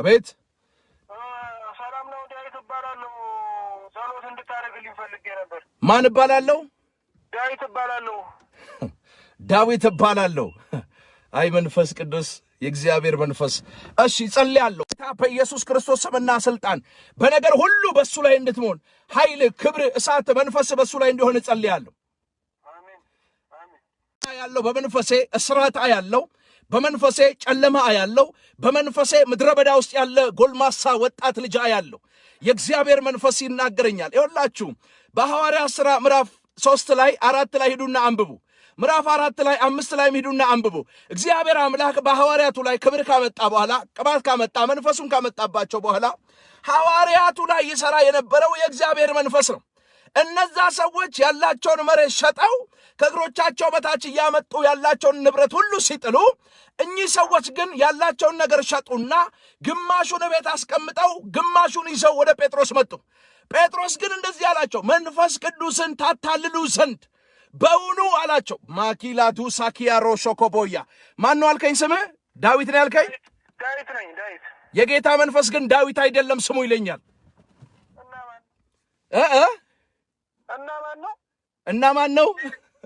አቤት ሰላም ነው። ዳዊት እባላለሁ። ጸሎት እንድታደርግልኝ ፈልጌ ነበር። ማን እባላለሁ? ዳዊት እባላለሁ። ዳዊት እባላለሁ። አይ መንፈስ ቅዱስ የእግዚአብሔር መንፈስ እሺ፣ ጸልያለሁ። ጌታ በኢየሱስ ክርስቶስ ስምና ስልጣን በነገር ሁሉ በእሱ ላይ እንድትሆን ኃይል፣ ክብር፣ እሳት፣ መንፈስ በእሱ ላይ እንዲሆን ጸልያለሁ። ያለው በመንፈሴ እስራት ያለው በመንፈሴ ጨለማ አያለው። በመንፈሴ ምድረ በዳ ውስጥ ያለ ጎልማሳ ወጣት ልጅ አያለሁ። የእግዚአብሔር መንፈስ ይናገረኛል። ይወላችሁ በሐዋርያ ሥራ ምዕራፍ ሦስት ላይ አራት ላይ ሂዱና አንብቡ። ምዕራፍ አራት ላይ አምስት ላይም ሂዱና አንብቡ። እግዚአብሔር አምላክ በሐዋርያቱ ላይ ክብር ካመጣ በኋላ ቅባት ካመጣ መንፈሱን ካመጣባቸው በኋላ ሐዋርያቱ ላይ ይሠራ የነበረው የእግዚአብሔር መንፈስ ነው። እነዛ ሰዎች ያላቸውን መሬት ሸጠው ከእግሮቻቸው በታች እያመጡ ያላቸውን ንብረት ሁሉ ሲጥሉ፣ እኚህ ሰዎች ግን ያላቸውን ነገር ሸጡና ግማሹን ቤት አስቀምጠው ግማሹን ይዘው ወደ ጴጥሮስ መጡ። ጴጥሮስ ግን እንደዚህ አላቸው፣ መንፈስ ቅዱስን ታታልሉ ዘንድ በውኑ አላቸው። ማኪላቱ ሳኪያሮ ሾኮቦያ ማን ነው አልከኝ? ስምህ ዳዊት ነው ያልከኝ? ዳዊት ነኝ። ዳዊት የጌታ መንፈስ ግን ዳዊት አይደለም ስሙ ይለኛል። እና ማን ነው? እና ማን ነው?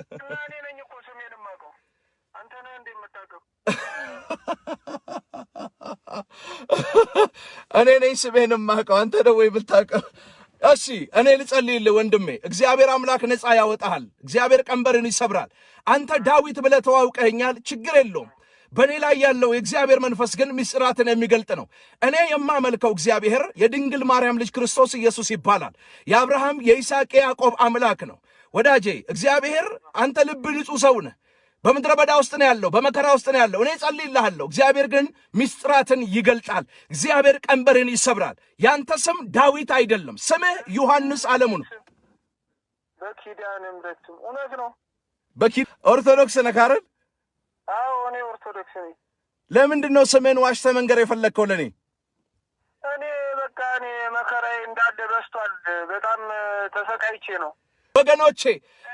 እኔ ነኝ እኮ ስሜን የማውቀው አንተ ነህ እንዴ የምታውቀው? እኔ ነኝ ስሜን የማውቀው አንተ ነው ወይ የምታውቀው? እሺ እኔ ልጸልይልህ ወንድሜ። እግዚአብሔር አምላክ ነፃ ያወጣሃል። እግዚአብሔር ቀንበርን ይሰብራል። አንተ ዳዊት ብለህ ተዋውቀኸኛል፣ ችግር የለውም። በእኔ ላይ ያለው የእግዚአብሔር መንፈስ ግን ምስጢራትን የሚገልጥ ነው። እኔ የማመልከው እግዚአብሔር የድንግል ማርያም ልጅ ክርስቶስ ኢየሱስ ይባላል። የአብርሃም የይስሐቅ የያዕቆብ አምላክ ነው። ወዳጄ እግዚአብሔር አንተ ልብ ንጹህ ሰው ነህ። በምድረ በዳ ውስጥ ነው ያለው፣ በመከራ ውስጥ ነው ያለው። እኔ ጸልይልሃለሁ። እግዚአብሔር ግን ምስጥራትን ይገልጣል። እግዚአብሔር ቀንበርን ይሰብራል። ያንተ ስም ዳዊት አይደለም፣ ስምህ ዮሐንስ አለሙ ነው። በኪዳንም ረጅም እውነት ነው። በኪ ኦርቶዶክስ ነህ አይደል? አዎ እኔ ኦርቶዶክስ ነኝ። ለምንድን ነው ስምህን ዋሽተህ መንገር የፈለግከው ለእኔ? እኔ በቃ እኔ መከራዬ እንዳለ በስቷል። በጣም ተሰቃይቼ ነው ወገኖቼ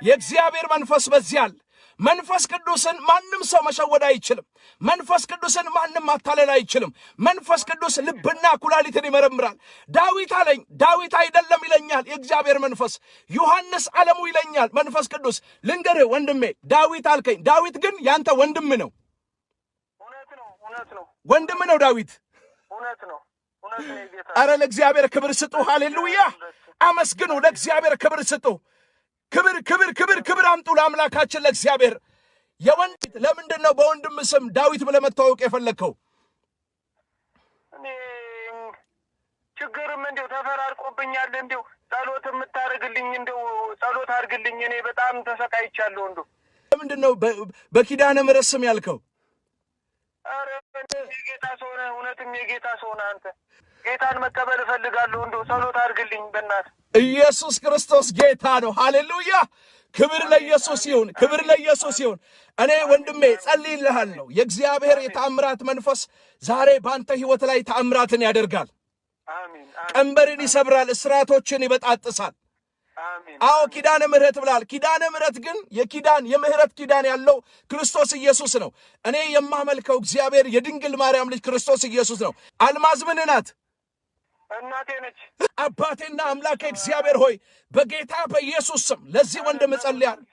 የእግዚአብሔር መንፈስ በዚህ አለ። መንፈስ ቅዱስን ማንም ሰው መሸወድ አይችልም። መንፈስ ቅዱስን ማንም ማታለል አይችልም። መንፈስ ቅዱስ ልብና ኩላሊትን ይመረምራል። ዳዊት አለኝ ዳዊት አይደለም ይለኛል የእግዚአብሔር መንፈስ። ዮሐንስ አለሙ ይለኛል መንፈስ ቅዱስ። ልንገርህ ወንድሜ ዳዊት አልከኝ። ዳዊት ግን ያንተ ወንድም ነው። ወንድም ነው ዳዊት። አረ ለእግዚአብሔር ክብር ስጡ። ሃሌሉያ አመስግኑ። ለእግዚአብሔር ክብር ስጡ። ክብር ክብር ክብር ክብር አምጡ ለአምላካችን ለእግዚአብሔር። የወንድ ለምንድን ነው በወንድም ስም ዳዊት ብለህ መታወቅ የፈለግከው? ችግርም እንዲሁ ተፈራርቆብኛል። እንዲሁ ጸሎት የምታደርግልኝ እንዲሁ ጸሎት አድርግልኝ። እኔ በጣም ተሰቃይቻለሁ። እንዲሁ ለምንድን ነው በኪዳነ ምሕረት ስም ያልከው? የጌታ ሰው ነህ፣ እውነትም የጌታ ሰው ነህ አንተ። ጌታን መቀበል እፈልጋለሁ። እንደው ጸሎት አድርግልኝ በእናትህ። ኢየሱስ ክርስቶስ ጌታ ነው። ሃሌሉያ! ክብር ለኢየሱስ ይሁን፣ ክብር ለኢየሱስ ይሁን። እኔ ወንድሜ ጸልይልሃለሁ። የእግዚአብሔር የተአምራት መንፈስ ዛሬ በአንተ ሕይወት ላይ ተአምራትን ያደርጋል። ቀንበርን ይሰብራል፣ እስራቶችን ይበጣጥሳል። አዎ ኪዳነ ምሕረት ብላል። ኪዳነ ምሕረት ግን የኪዳን የምሕረት ኪዳን ያለው ክርስቶስ ኢየሱስ ነው። እኔ የማመልከው እግዚአብሔር የድንግል ማርያም ልጅ ክርስቶስ ኢየሱስ ነው። አልማዝ ምን ናት? እናቴ ነች። አባቴና አምላኬ እግዚአብሔር ሆይ በጌታ በኢየሱስ ስም ለዚህ ወንድም እጸልያለሁ።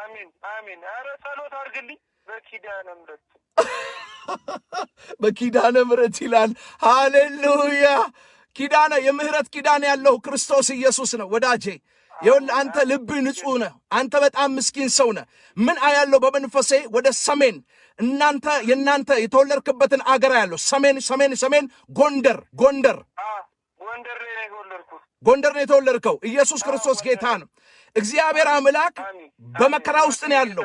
አሜን አሜን። ኧረ ጸሎት አድርግልኝ በኪዳነ ምሕረት በኪዳነ ምሕረት ይላል። ሃሌሉያ ኪዳነ የምህረት ኪዳን ያለው ክርስቶስ ኢየሱስ ነው ወዳጄ። ይኸውልህ አንተ ልብ ንጹህ ነህ። አንተ በጣም ምስኪን ሰው ነህ። ምን አያለው? በመንፈሴ ወደ ሰሜን እናንተ የእናንተ የተወለድክበትን አገር ያለው ሰሜን ሰሜን ሰሜን ጎንደር ጎንደር ጎንደር ነው የተወለድከው። ኢየሱስ ክርስቶስ ጌታ ነው። እግዚአብሔር አምላክ በመከራ ውስጥ ነው ያለው።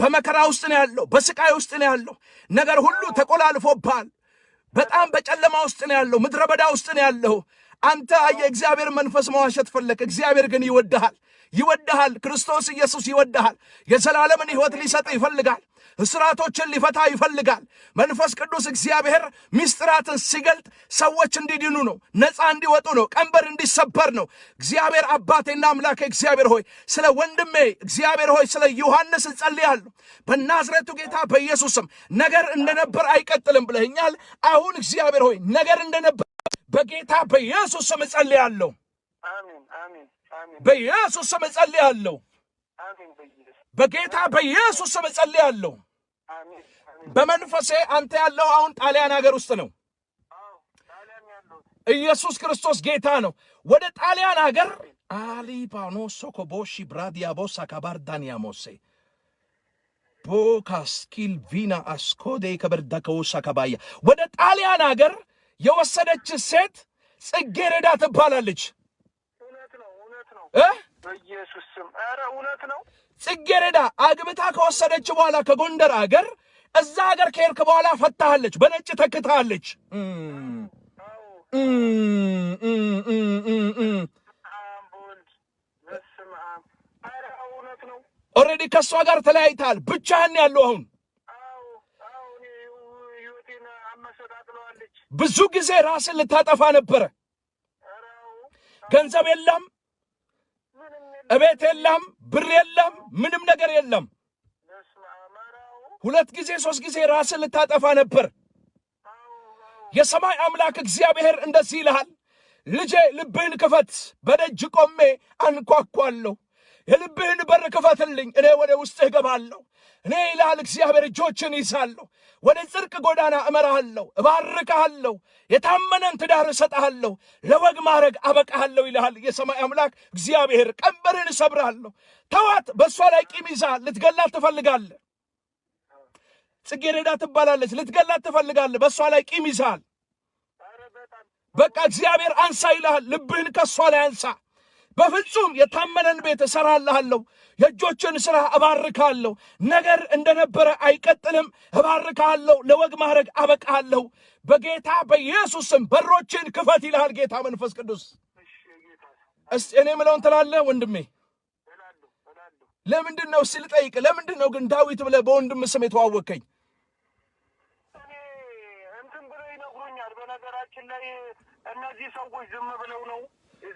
በመከራ ውስጥ ነው ያለው። በስቃይ ውስጥ ነው ያለው። ነገር ሁሉ ተቆላልፎብሃል። በጣም በጨለማ ውስጥ ነው ያለው። ምድረ በዳ ውስጥ ነው ያለው። አንተ የእግዚአብሔር መንፈስ መዋሸት ፈለክ። እግዚአብሔር ግን ይወድሃል ይወድሃል። ክርስቶስ ኢየሱስ ይወድሃል። የዘላለምን ሕይወት ሊሰጥ ይፈልጋል። እስራቶችን ሊፈታ ይፈልጋል። መንፈስ ቅዱስ እግዚአብሔር ምስጢራትን ሲገልጥ ሰዎች እንዲድኑ ነው፣ ነፃ እንዲወጡ ነው፣ ቀንበር እንዲሰበር ነው። እግዚአብሔር አባቴና አምላኬ እግዚአብሔር ሆይ ስለ ወንድሜ እግዚአብሔር ሆይ ስለ ዮሐንስ እጸልያለሁ በናዝሬቱ ጌታ በኢየሱስም ነገር እንደነበር አይቀጥልም ብለህኛል። አሁን እግዚአብሔር ሆይ ነገር እንደነበር በጌታ በኢየሱስ ስም እጸልያለሁ። በኢየሱስ ስም እጸልያለሁ። በጌታ በኢየሱስ ስም እጸልያለሁ። በመንፈሴ አንተ ያለው አሁን ጣሊያን ሀገር ውስጥ ነው። ኢየሱስ ክርስቶስ ጌታ ነው። ወደ ጣሊያን ሀገር አሊባኖ ሶኮቦሺ ብራዲያቦሳ ካባርዳንያሞሴ ቦካስኪል ቪና አስኮዴ ከበርዳከውሳ ከባያ ወደ ጣሊያን ሀገር የወሰደች ሴት ጽጌረዳ ትባላለች። ጽጌረዳ አግብታ ከወሰደች በኋላ ከጎንደር አገር እዛ አገር ከሄድክ በኋላ ፈታሃለች፣ በነጭ ተክታሃለች። ኦልሬዲ ከእሷ ጋር ተለያይተሃል፣ ብቻህን ያለው አሁን ብዙ ጊዜ ራስን ልታጠፋ ነበረ። ገንዘብ የለም፣ እቤት የለም፣ ብር የለም፣ ምንም ነገር የለም። ሁለት ጊዜ ሶስት ጊዜ ራስን ልታጠፋ ነበር። የሰማይ አምላክ እግዚአብሔር እንደዚህ ይልሃል፣ ልጄ ልብህን ክፈት፣ በደጅ ቆሜ አንኳኳለሁ የልብህን በር ክፈትልኝ፣ እኔ ወደ ውስጥህ እገባለሁ። እኔ ይላል እግዚአብሔር እጆችን ይዛለሁ፣ ወደ ጽድቅ ጎዳና እመራሃለሁ፣ እባርካሃለሁ፣ የታመነን ትዳር እሰጠሃለሁ፣ ለወግ ማድረግ አበቃሃለሁ ይልሃል የሰማይ አምላክ እግዚአብሔር። ቀንበርን እሰብርሃለሁ። ተዋት፣ በእሷ ላይ ቂም ይዛል፣ ልትገላት ትፈልጋለህ። ጽጌረዳ ትባላለች፣ ልትገላት ትፈልጋለህ፣ በእሷ ላይ ቂም ይዛል። በቃ እግዚአብሔር አንሳ ይልሃል። ልብህን ከእሷ ላይ አንሳ። በፍጹም የታመነን ቤት እሰራልሃለሁ፣ የእጆችን ሥራ እባርካለሁ። ነገር እንደነበረ አይቀጥልም፣ እባርካለሁ፣ ለወግ ማድረግ አበቃለሁ። በጌታ በኢየሱስም በሮችን ክፈት ይልሃል ጌታ መንፈስ ቅዱስ። እስቲ እኔ ምለውን ትላለህ ወንድሜ? ለምንድን ነው እስቲ ልጠይቅ፣ ለምንድን ነው ግን ዳዊት ብለህ በወንድም ስም ላይ እነዚህ ሰዎች ዝም ብለው ነው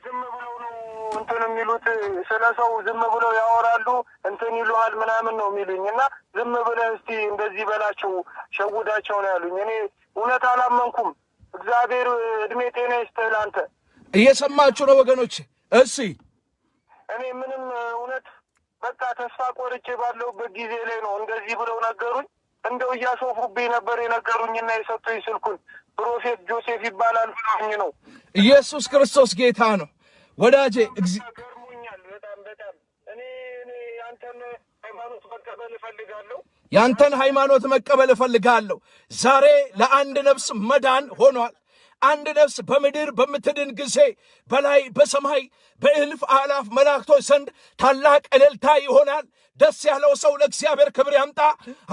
ዝም ብለው ነው እንትን የሚሉት ስለ ሰው ዝም ብለው ያወራሉ። እንትን ይሉሃል ምናምን ነው የሚሉኝ እና ዝም ብለህ እስቲ እንደዚህ በላቸው ሸውዳቸው ነው ያሉኝ። እኔ እውነት አላመንኩም። እግዚአብሔር እድሜ ጤና ይስጥህ ለአንተ። እየሰማችሁ ነው ወገኖች። እሺ እኔ ምንም እውነት በቃ ተስፋ ቆርጬ ባለሁበት ጊዜ ላይ ነው እንደዚህ ብለው ነገሩኝ። እንደው እያሾፉብኝ ነበር የነገሩኝና የሰጡኝ ስልኩን ፕሮፌት ጆሴፍ ይባላል ብሎኝ ነው። ኢየሱስ ክርስቶስ ጌታ ነው። ወዳጄ ገርሞኛል። በጣም በጣም እኔ እኔ ያንተን ሃይማኖት መቀበል እፈልጋለሁ። ያንተን ሃይማኖት መቀበል እፈልጋለሁ። ዛሬ ለአንድ ነፍስ መዳን ሆኗል። አንድ ነፍስ በምድር በምትድን ጊዜ በላይ በሰማይ በእልፍ አላፍ መላእክቶች ዘንድ ታላቅ እልልታ ይሆናል። ደስ ያለው ሰው ለእግዚአብሔር ክብር ያምጣ።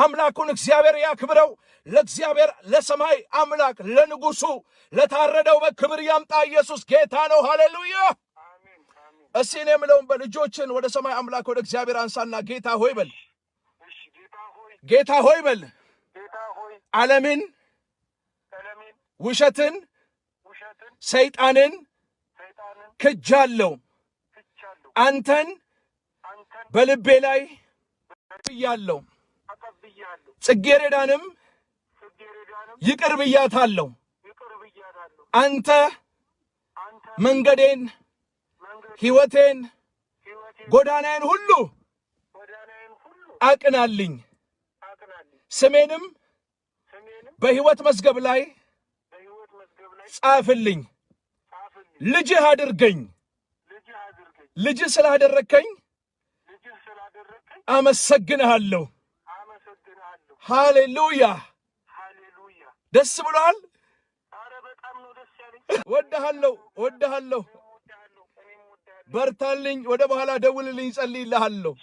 አምላኩን እግዚአብሔር ያክብረው። ለእግዚአብሔር ለሰማይ አምላክ ለንጉሱ ለታረደው በክብር ያምጣ። ኢየሱስ ጌታ ነው። ሃሌሉያ። እስቲ እኔ የምለውን በልጆችን ወደ ሰማይ አምላክ ወደ እግዚአብሔር አንሳና ጌታ ሆይ በል፣ ጌታ ሆይ በል። ዓለምን፣ ውሸትን፣ ሰይጣንን ክጃለው አንተን በልቤ ላይ ያለው ጽጌረዳንም ይቅር ብያታለሁ። አንተ መንገዴን፣ ሕይወቴን፣ ጎዳናዬን ሁሉ አቅናልኝ፣ ስሜንም በሕይወት መዝገብ ላይ ጻፍልኝ፣ ልጅህ አድርገኝ። ልጅ ስላደረግከኝ አመሰግንሃለሁ። ሃሌሉያ ደስ ብሏል ወድሃለሁ፣ ወድሃለሁ። በርታልኝ። ወደ በኋላ ደውልልኝ፣ ጸልይልሃለሁ።